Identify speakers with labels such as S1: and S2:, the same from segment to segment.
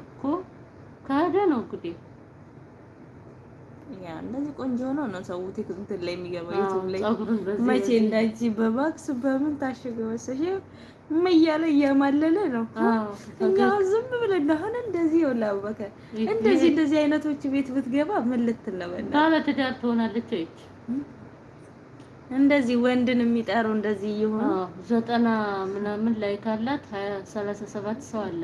S1: እኮ ከሄደ ነው እንግዲህ
S2: ያ እንደዚህ ቆንጆ ሆኖ ነው ሰው እንትን ላይ የሚገባው ዩቲዩብ ላይ መቼ እንዳንቺ በባክስ በምን ታሸገ መሰሽ እያለ እያማለለ ነው። እኛ ዝም ብለን እንደሆነ እንደዚህ ይኸውልህ፣ አቡበከር እንደዚህ እንደዚህ አይነቶች ቤት ብትገባ ምን ልትል ነው? በእናትህ
S1: ባለ ትዳር ትሆናለች። ይች
S2: እንደዚህ ወንድን የሚጠሩ እንደዚህ እየሆኑ
S1: ዘጠና ምናምን ላይ ካላት ሰላሳ ሰባት ሰው አለ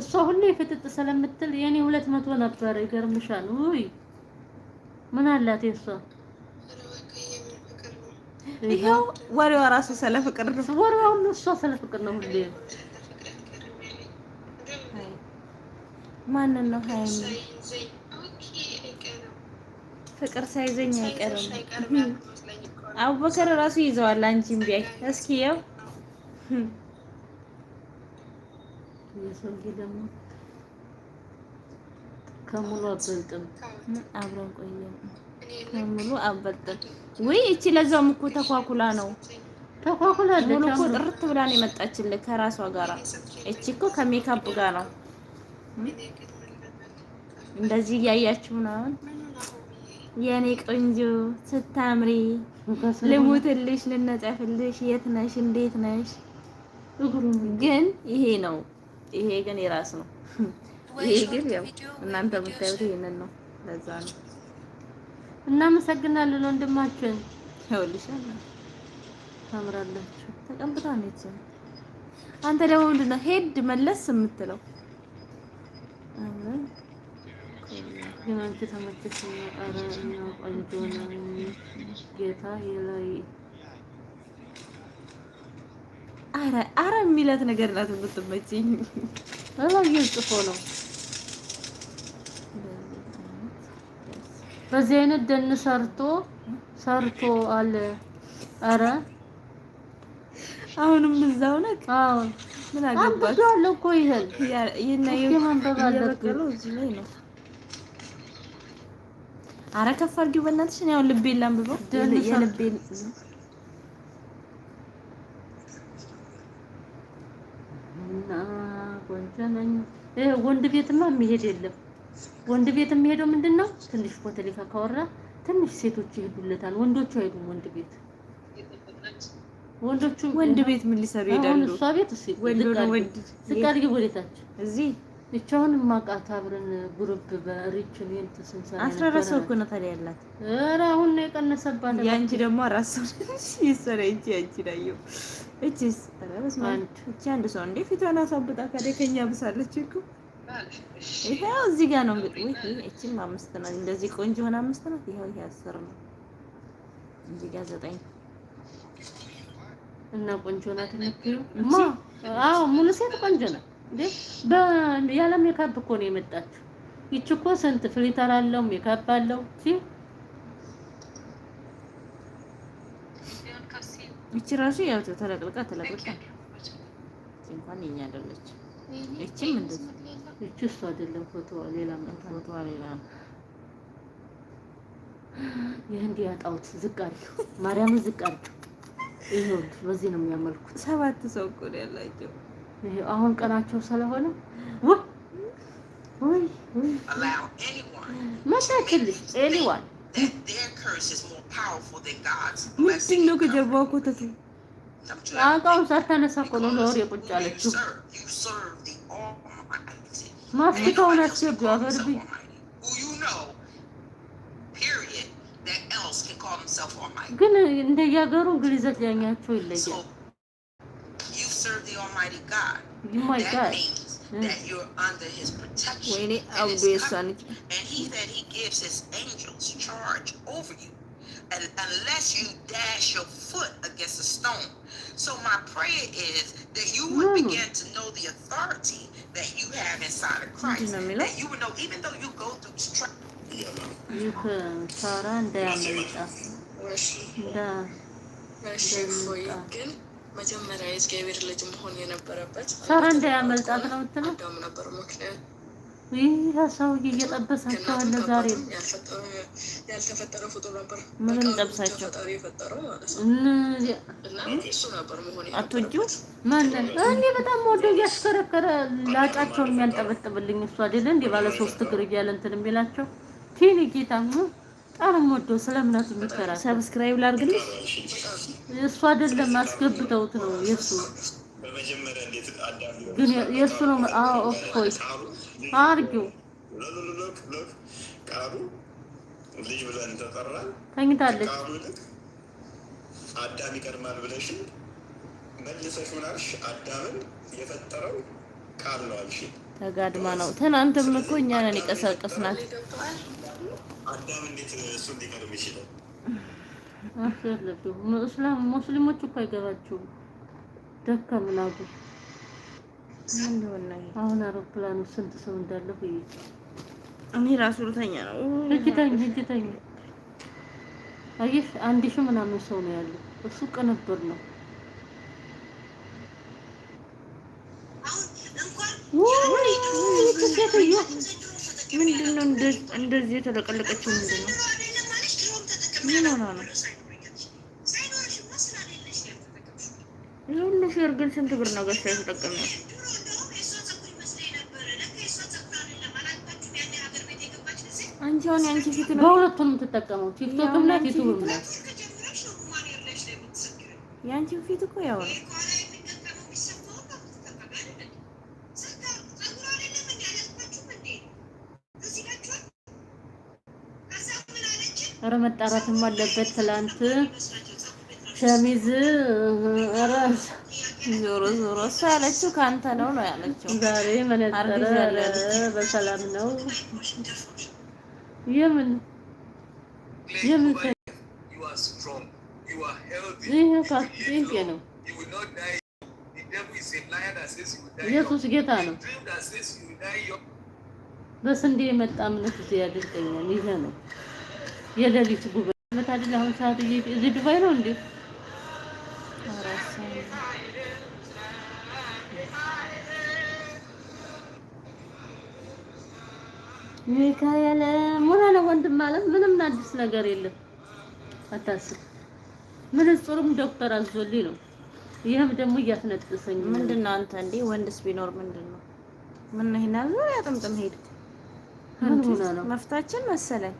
S1: እሷ ሁሌ ፍጥጥ ስለምትል የኔ ሁለት መቶ ነበር ይገርምሻል። ውይ ምን አላት የእሷ
S2: ይኸው ወሬዋ ራሱ ስለ ፍቅር ነው።
S1: ወሬዋ ሁሉ እሷ ስለ ፍቅር ነው ሁሌ።
S2: ማንን ነው ሀይሚ? ፍቅር ሳይዘኝ አይቀርም።
S1: አቡበከር ራሱ ይዘዋል። አንቺ እምቢ አይ እስኪ ያው
S2: የሰውዬ ደግሞ ከሙሉ አበልጥም
S1: አብረን ቆየን።
S2: ከሙሉ አበልጥም
S1: ወይ እቺ ለዛውም እኮ ተኳኩላ ነው ተኳኩላ ሙሉ እኮ ጥርት ብላ ነው የመጣችልህ ከራሷ ጋራ። እቺ እኮ ከሜካፕ ጋር ነው እንደዚህ እያያችሁ ምናምን የኔ ቆንጆ ስታምሪ ልሙትልሽ ልነጠፍልሽ የት ነሽ እንዴት ነሽ? ግን ይሄ ነው ይሄ ግን የራስ ነው። ይሄ ግን ያው እናንተ የምታዩት ይሄንን ነው። ለዛ ነው። እናመሰግናለን ወንድማችን። ይኸውልሻል፣ ታምራላችሁ። ተቀምጣ ነች። አንተ ደግሞ ምንድን ነው ሄድ መለስ የምትለው? ግን አንቺ ተመልሰሽ፣ ኧረ ቆንጆ ነው ጌታ አረ አረ የሚላት ነገር ናት የምትመቸኝ። ጽፎ ነው። በዚህ አይነት ደን ሰርቶ ሰርቶ አለ። አረ አሁንም እዛው ነህ? አዎ ምን አገባሽ? እኮ ይሄን ማንበብ ነው። አረ ከፍ አድርጊው በእናትሽ። እኔ አሁን ልቤን ላንብበው የልቤን ወንድ ቤትማ የሚሄድ የለም። ወንድ ቤት የሚሄደው ምንድን ነው? ትንሽ ፖለቲካ ካወራ ትንሽ ሴቶች ይሄዱለታል። ወንዶቹ አይሄዱም ወንድ ቤት። ወንዶቹ ወንድ ቤት ምን ሊሰሩ ይሄዳሉ? እሷ ቤት ወንድ ወንድ ስቃል ወዴታች እዚህ ብቻውን ማቃት አብረን ግሩፕ በሪች ሜንት ስንሰራ አስራ አራት ሰው እኮ ነው ታዲያ ያላት። ኧረ አሁን ነው የቀነሰባት። ያንቺ ደግሞ አራት ሰው ይሰራ እንጂ ያንቺ ዳዩ እቺ ኧረ በስመ አብ እቺ አንድ ሰው እንዴ ፊቷን አሳብጣ ካደ ከኛ ብሳለች እኮ ይሄው እዚህ ጋር ነው እንግዲህ። እቺም አምስት ነው እንደዚህ ቆንጆ ሆነ አምስት ነው። ይሄው ይሄ አስር ነው እዚህ ጋር ዘጠኝ እና ቆንጆ ናት። ተነክሩ ማ አዎ ሙሉ ሴት ቆንጆ ናት። ያለ ሜካፕ እኮ ነው የመጣችሁ። ይች እኮ ስንት ፍሊተር አለው ሜካፕ አለው። ይቺ ራሱ ያው ተለቅልቃ ተለቅልቃ እንኳን የኛ አይደለች። እቺም እንደዚህ እቺ እሱ አይደለም ፎቶ ሌላ ፎቶ ሌላ የህንድ ያጣሁት ዝቅ አድርጊው፣ ማርያምን ዝቅ አድርጊው። ይሄው በዚህ ነው የሚያመልኩት። ሰባት ሰው እኮ ነው ያላቸው አሁን ቀናቸው ስለሆነ ወይ ወይ መጣችልሽ ኤሊዋን ምንድን ነው ከጀርባው ኮተቱ? ጫንቃውን ሳታነሳ እኮ ነው ኖር የቁጭ አለችው። ማስቲካውን አስገቢው አፈርብኝ። ግን እንደየሀገሩ ይለያል። Almighty God. You that God. means that you're under His protection when it and, his covenant. and He that He gives His angels charge over you, and unless you dash your foot against a stone. So my prayer is that you would mm. begin to know the authority that you have inside of Christ. Mm. That you would know, even though you go through struggle. You can turn down the. Mercy. Mercy for you. መጀመሪያ የእግዚአብሔር ልጅ መሆን የነበረበት ሳራ እንዳያመልጣት ነው ምትለው አዳም ነበር። ምክንያት ይህ ሰውዬ እየጠበሳቸዋለ ዛሬ ያልተፈጠረ ፎቶ ነበር። ምንም ጠብሳቸው ፈጣሪ የፈጠረው ማለት ነው። እሱ ነበር መሆን አትወጂው ማንን እኔ በጣም ወደ እያሽከረከረ ላጫቸውን የሚያንጠበጥብልኝ እሷ አይደለ እንዴ ባለ ሶስት እግር እያለ እንትን የሚላቸው ቲኒ ጌታ በጣም ወዶ ስለ እምነቱ የሚከራከር ሰብስክራይብ ላድርግልሽ። የእሱ አይደለም አስገብተውት ነው የእሱ ግን የእሱ ነው። አዎ ኦፍኮይ አድርጊው። ተኝታለች። አዳም ይቀድማል ብለሽ መልሰሽ ምን አልሽ? አዳምን የፈጠረው ቃል ነው አልሽ። ተጋድማ ነው። ትናንትም እኮ እኛ ነን የቀሰቀስናት አዳም እንዴት እሱን ሊቀርብ ይችላል? እስላም ሙስሊሞች እኮ አይገባችሁም። ደከምን አሉ አሁን አውሮፕላኑ ስንት ሰው እንዳለ እኔ ራሱ ልተኛ ነው። እጅተኝ እጅተኝ አየሽ፣ አንድ ሺህ ምናምን ሰው ነው ያለው። እሱ ቅንብር ነው። ሴትዮ ምንድን ነው እንደዚህ የተለቀለቀችው? ምንድን ነው ምን ሆና ነው? የሁሉ ፌር ግን ስንት ብር ነው ገዝታ የተጠቀመው? አንቺ አሁን አንቺ ፊት ነው በሁለቱም የምትጠቀመው ቲክቶክም ላይ ዩቲዩብም ላይ የአንቺ ፊት እኮ ያው ነው ኧረ መጣራትም አለበት። ትላንት ሸሚዝ ኧረ ዞሮ ዞሮ እሱ ያለችው ከአንተ ነው ነው ያለችው። ዛሬ መነጠረ በሰላም ነው የምን የምን ይሄ ፋስቴንቴ ነው። ኢየሱስ ጌታ ነው። በስንዴ የመጣ እምነት እዚህ ያደርገኛል። ይሄ ነው የሌሊት ጉበት መት አይደል? አሁን ሰዓት እዚህ ዱባይ ነው እንዴ? ሚካኤል ሙና ነው ወንድም አለ። ምንም አዲስ ነገር የለም አታስብ። ምን ምንጹርም ዶክተር አዞልኝ ነው። ይህም ደግሞ እያስነጥሰኝ ምንድን ነው አንተ እንዴ? ወንድስ ቢኖር ምንድን ነው? ምን ይሄናል ያጥምጥም ሄድ ምን ሆነ ነው መፍታችን መሰለኝ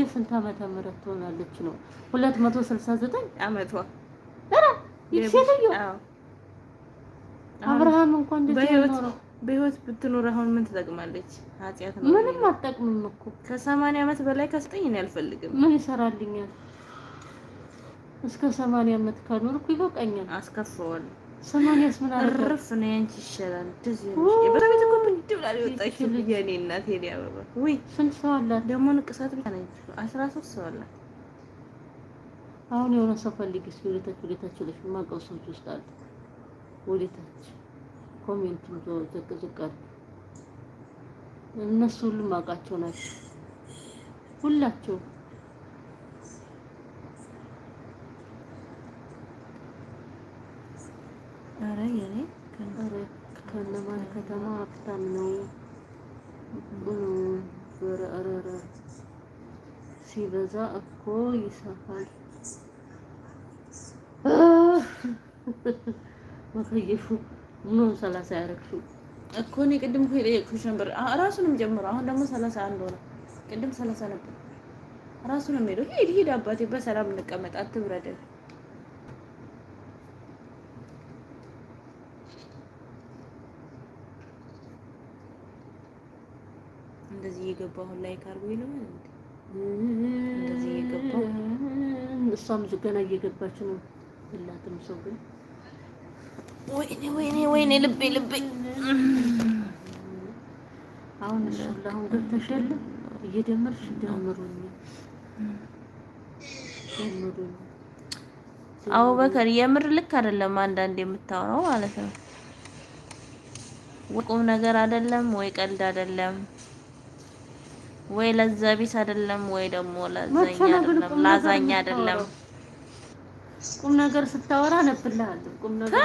S1: የስንት ዓመተ ምህረት ትሆናለች ነው? 269 ዓመቷ ኧረ ይሴትዮ አብርሃም እንኳን በህይወት ብትኖር አሁን ምን ትጠቅማለች? ኃጢያት ነው። ምንም አትጠቅምም እኮ ከሰማንያ ዓመት በላይ ከስጠኝ እኔ አልፈልግም። ምን ይሰራልኛል? እስከ ሰማንያ ዓመት ከኖርኩ ይበቃኛል። አስከፋዋለሁ ሰማንያስ ምን አረፍ ነው ያንቺ ይሻላል። በቤት እኮ ብድ ብላ የወጣች የኔ እናት ሄዲ አበባ ወይ ስንት ሰው አላት ደግሞ ንቅሳት ብቻ ነ አስራ ሶስት ሰው አላት። አሁን የሆነ ሰው ፈልጊ እስኪ ወደታች ወደታች ለሽ የማውቀው ሰዎች ውስጥ አሉ። ወደታች ኮሜንቱም ዘቅ ዘቅ አሉ። እነሱ ሁሉም አውቃቸው ናቸው ሁላቸው ኧረ የኔ ከነማን ከተማ ሀብታም ነው ሲበዛ እኮ ይሰፋል። መከየፉ ሰላሳ ያደረግሽው እኮ እኔ ቅድም እኮ የጠየቅኩሽ ነበር። እራሱንም ጀምሮ አሁን ደግሞ ሰላሳ አንድ ሆነ። ቅድም ሰላሳ ነበር። እራሱንም ሄዶ ሂድ ሂድ አባቴ በሰላም እንቀመጥ አትብረደን እየገባሁ አሁን ላይ ካርቦኝ ነው እንደዚህ እየገባሁ እሷም ዝገና እየገባች ነው። ሁላትም ሰው ግን ወይኔ ወይኔ ወይኔ ልቤ ልቤ አሁን እሱ ለአሁን ገብተሻል። እየደመርሽ ደምሩኝ ደምሩኝ። አቡበከር የምር ልክ አይደለም አንዳንድ የምታወራው ማለት ነው። ወይ ቁም ነገር አይደለም ወይ ቀልድ አይደለም። ወይ ለዛ ቢስ አይደለም፣ ወይ ደግሞ ለዛኛ አይደለም፣ ቁም ነገር ስታወራ ነብልሃል። ቁም ነገር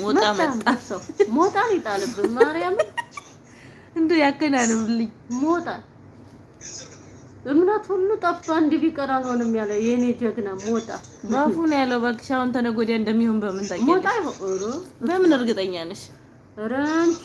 S1: ሞጣ መጣ ሰው ሞጣ ይጣልብህ። ማርያም እንዶ ያከናንብልኝ ሞጣ እምነት ሁሉ ጠፋ። እንዲህ ቢቀር አልሆንም ያለ የኔ ጀግና ሞጣ ባፉ ነው ያለው። እባክሽ አሁን ተነገ ወዲያ እንደሚሆን በምን ታውቂያለሽ? ሞጣ በምን እርግጠኛ ነሽ? ኧረ አንቺ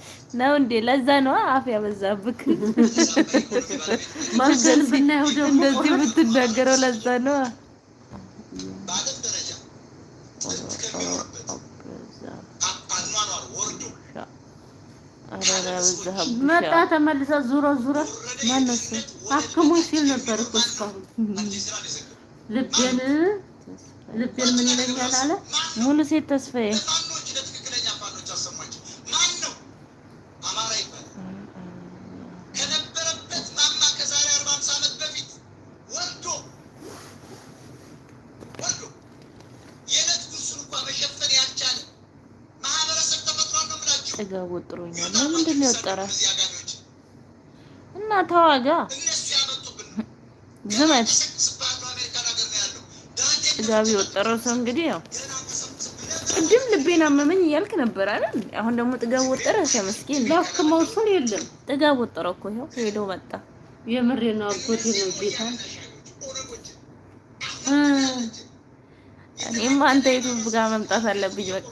S1: ነው እንዴ? ለዛ ነው አፍ ያበዛብክ። ማዘል ብናየው ደግሞ እንደዚህ የምትናገረው ለዛ ነው። መጣ ተመልሰ ዙሮ ዙሮ ማነሱ አክሙኝ ሲል ነበር እኮ እስካሁን ልቤን ልቤን ምን ይለኛል አለ ሙሉ ሴት ተስፋዬ ወጥሮኛል። ለምንድን ነው የወጠረ? እና ተዋጋ ዝመት ጋቢ የወጠረው ሰው እንግዲህ ያው ቅድም ልቤን አመመኝ እያልክ ነበር አይደል? አሁን ደግሞ ጥጋብ ወጠረ። ተመስገን ላክ ሰው የለም። ጥጋብ ወጠረው እኮ ይኸው ሄዶ መጣ። የምሬ ነው አጎቴ ነው ቤታ። እኔማ አንተ የቱ ጋር መምጣት አለብኝ በቃ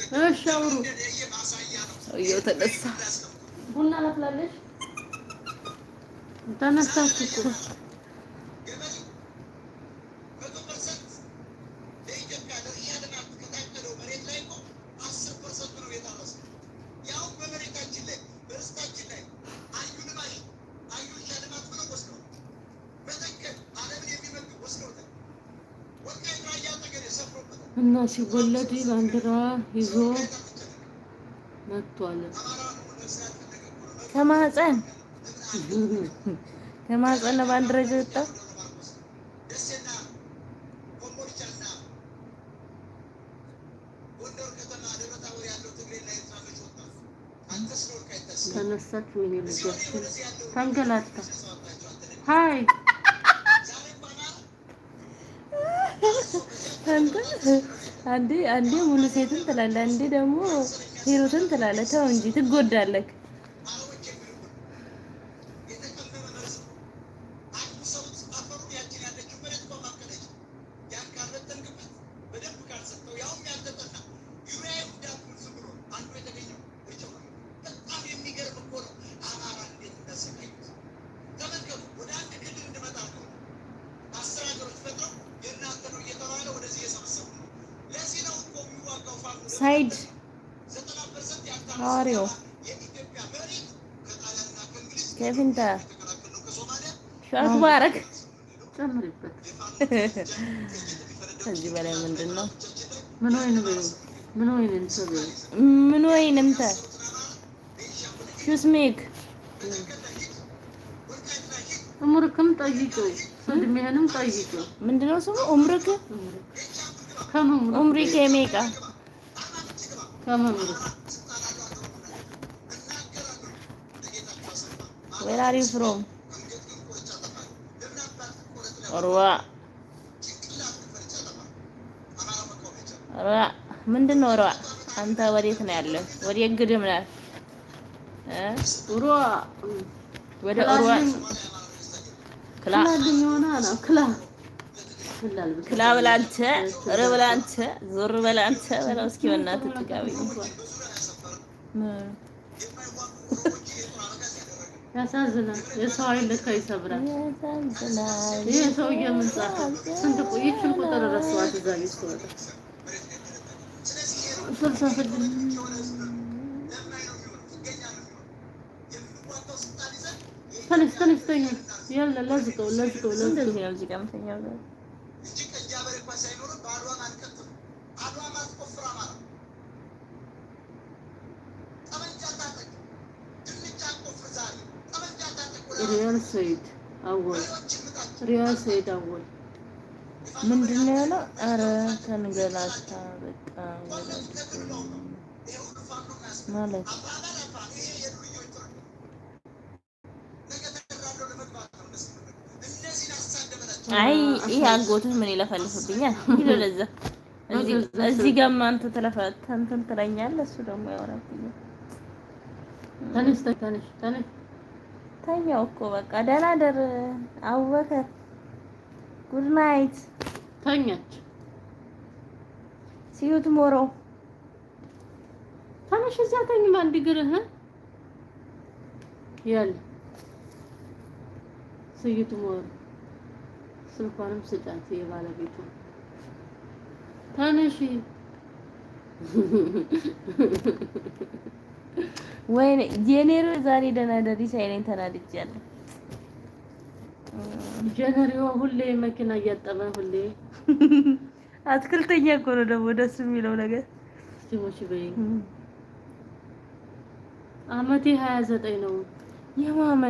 S1: እሺ አውሩ። ሰውየው ተነሳ። ቡና ላፍላለች። ተነሳች እኮ እና ሲወለድ ባንዲራ ይዞ መጥቷል። ከማህፀን ከማህፀን ነው ባንዲራ ይዞ የወጣው። ተነሳች ምን ልጃችን ተንገላታ ሀይ አንተ አንዴ አንዴ ሙሉ ሴትን ትላለህ፣ አንዴ ደግሞ ሂሩትን ትላለህ። ተው እንጂ ትጎዳለህ። ሳይድ ሐዋርያው ከፊንታ አክባረክ ጨምሪበት። ከዚህ በላይ ምንድን ነው? ምን ወይን ምን ወይን እንት እምርክም ጠይቂው ሰድሜህንም ጠይቂው ምንድን ነው ስሙ? እምርክ ከምን እምሪክ የሜቃ ዌር አር ዩ ፍሮም ሩዋ ሩዋ ምንድን ነው ሩዋ? አንተ ወዴት ነው ያለው? ወደ ግድም ነህ? ሩዋ ወደ ሩዋ ክላ ክላ ብላ አንተ፣ ኧረ ብላ አንተ፣ ዞር በላ አንተ በላው እስኪ በእናትህ ጥጋበኝ። ያሳዝናል። የሰው አይን ለካ ይሰብራል። ይሄ ሰውዬ ምን ጻፈ? ስንት ይችን ቁጥር ረሳኋት። እዛ ቤት ስወጣ ስልሳ ስድስት ተነሽ ያለ ለዝቀው ለዝቀው ለዝቀው መግባት ሳይኖርም በአድዋም አትቀጥሉ። አድዋም አትቆፍራ ማለት ጠመንጃ ታጠቅ፣ ዛሬ ጠመንጃ ታጠቅ። ሪያል ሰይድ አወል ሪያል ሰይድ አወል ምንድን ነው ያለው? አረ ተንገላታ በቃ ማለት አይ ይሄ አጎትህ ምን ይለፈልፍብኛል? ይሉ ለዛ እዚህ ጋማ አንተ ተለፈ እንትን ትለኛለህ፣ እሱ ደግሞ ያወራብኛል። ተነሽ ተነሽ ተነሽ ተኛው እኮ በቃ ደህና ደር አቡበከር፣ ጉድ ናይት። ተኛች ሲዩ ሞሮ ተነሽ፣ እዛ ተኝማ እንዲግርህ ያለ ሲዩ ሞሮ ስልኳንም ስጫት የባለቤቱ ተነሺ። ወይኔ ጄኔሮ ዛሬ ደህና ደሪ ሳይለኝ ተናድጃለሁ። ጄኔሪዮ ሁሌ መኪና እያጠበ ሁሌ አትክልተኛ እኮ ነው ደግሞ ደስ የሚለው ነገር ሲሞች በይ አመቴ ሀያ ዘጠኝ ነው የማመት